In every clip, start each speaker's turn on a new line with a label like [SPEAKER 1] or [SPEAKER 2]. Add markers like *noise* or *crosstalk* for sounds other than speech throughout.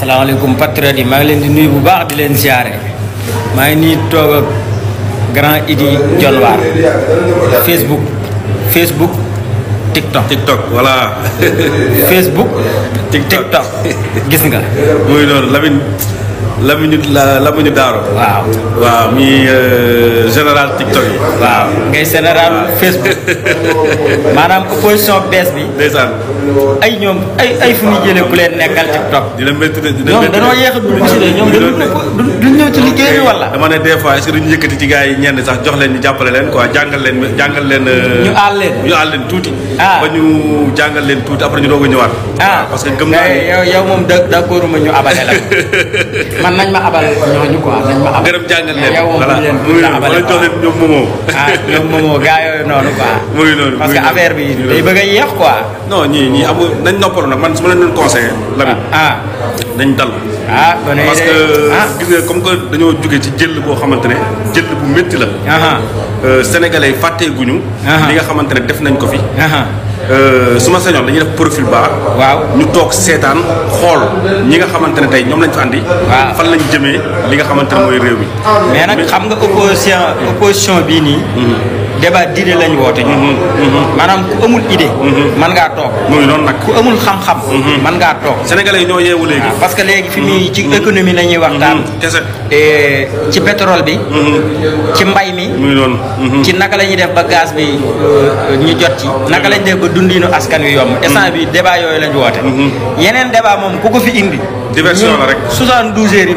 [SPEAKER 1] salaamaaleykum patriotes yi maa ngi leen di nuyu bu baax di leen siyaare maa ngi nii toog ak grand Idi John Waar Facebook Facebook TikTok TikTok voilà. Facebook. *laughs* TikTok gis nga. muy noonu Lamine. Lamine la ñu Daaro. waaw waaw mi euh, général TikTok yi. waaw ngay général Facebook *laughs* maanaam opposition bees bi. ndeysaan. ay ñoom ay ay fu ñu jëlee ku leen nekkal TikTok. dina métti de dina métti ñoom danoo ñoom duñ ñëw ci liggéey bi wala. dama ne des fois est-ce que duñu yëkkati ci gars yi ñenn sax jox leen ñu jàppale leen quoi jàngal leen jàngal leen. Euh, ñu aal leen leen tuuti. Ah. ba ñu jàngal leen tuuti après ñu doog a ñëwaat. ah parce que gëm naa eh, yow yow moom d'accord ma ñu abale la *laughs* man nañ ma abal ñooñu quoi nañ ma abal. gërëm jàngal leen yow moom bu ñu leen abale wala jox leen ñoom moomoo. ah ñoom moomoo gars yooyu noonu quoi. muy noonu parce que affaire bi day bëgg a yéex quoi. non ñii ñii amul nañ noppalu nag man su ma leen doon conseillé. Lamine ah, ah. nañ dal. ah parce que ah. gis nga comme que dañoo jóge ci jël boo xamante ne jël bu métti la. Euh, sénégalais fàtteeguñu. li nga xamante ne def nañ ko fi. Euh, su ma sañoon dañuy def profil baax waaw ñu toog seetaan xool ñi nga xamante ne tey ñoom lañ fa andi. waaw fan lañ jëmee li nga xamante ne mooy réew mi. mais nag xam nga opposition opposition bii nii. Mm-hmm. débat d'idée lañ woote ñun. Ah. Mhm. maanaam ku amul idée. man mhm. ngaa toog. muy noonu nag ku amul xam-xam. man mhm. ngaa toog. sénégalais yi ñoo yeewu léegi. Ah, parce que léegi fi muy ci économie la ñuy waxtaan. kese ci pétrole bi. ci mbay mi. muy ci naka la ñuy def ba gaz bi euh, ñu jot ci. naka lañ def ba dundinu askan wi yomb. instant bi débat yooyu lañ woote. yeneen débat moom ku ko fi indi. diversion la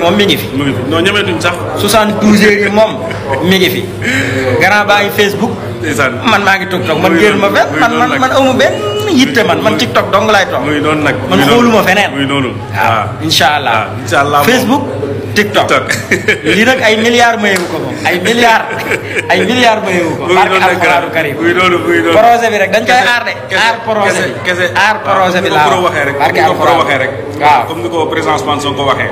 [SPEAKER 1] moom mi ngi fi. mi ngi fi sax. 72 heures yi moom mi ngi fi. *laughs* grand baa ngi Facebook. man maa ngi TikTok man génn ma fenn man man man benn yitte man man TikTok dong laay toog. muy noonu nag man xooluma feneen. muy noonu waaw allah. Ah. incha allah ah, Facebook. TikTok lii nag ay milliards mayewu ko moom ay milliards ay milliards mayewu ko. barke alxuraanu karim buy loolu buy loolu projet bi rek dañ koy aar de. aar projet bi kese aar projet bi laa wax. barke alxuraanu waxee rek. waaw comme ni ko président Ousmane Sonko waxee.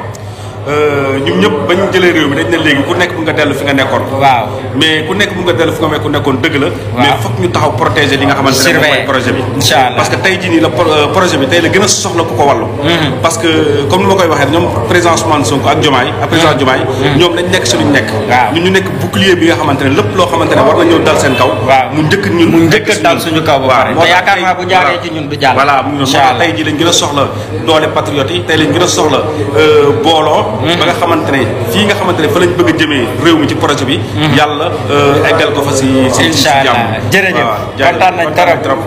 [SPEAKER 1] Euh, ñun ñëpp bañ jëlee réew mi dañ ne léegi ku nekk mu nga dellu fi nga nekkoon. waaw mais nekkoon dëgg la. mais foog ñu taxaw protéger li nga xamante ne mooy projet bi. parce que tey jii nii la euh, projet bi ko mm-hmm. que comme ni koy waxee ñoom président Ousmane Sonko ak Diomaye ak président mm-hmm. Diomaye. Mm-hmm. ñoom dañ nekk si luñ nekk. ñun ñu nga xamante ne lépp loo xamante ne war na ñëw dal seen kaw. mu njëkk ñun mu njëkk dal suñu kaw ba pare yaakaar naa bu jaaree ci ñun du jàll. voilà mu tey ji lañ gën a soxla doole patriote yi lañ gën a soxla euh, booloo Mm-hmm. ba nga xamante ne fii nga xamante ne fa lañ bëgg a jëmee réew mi ci projet bi. Mm-hmm. yàlla euh, eggal ko fa si si si jàmm. incha allah jërëjëf kontaan nañ trop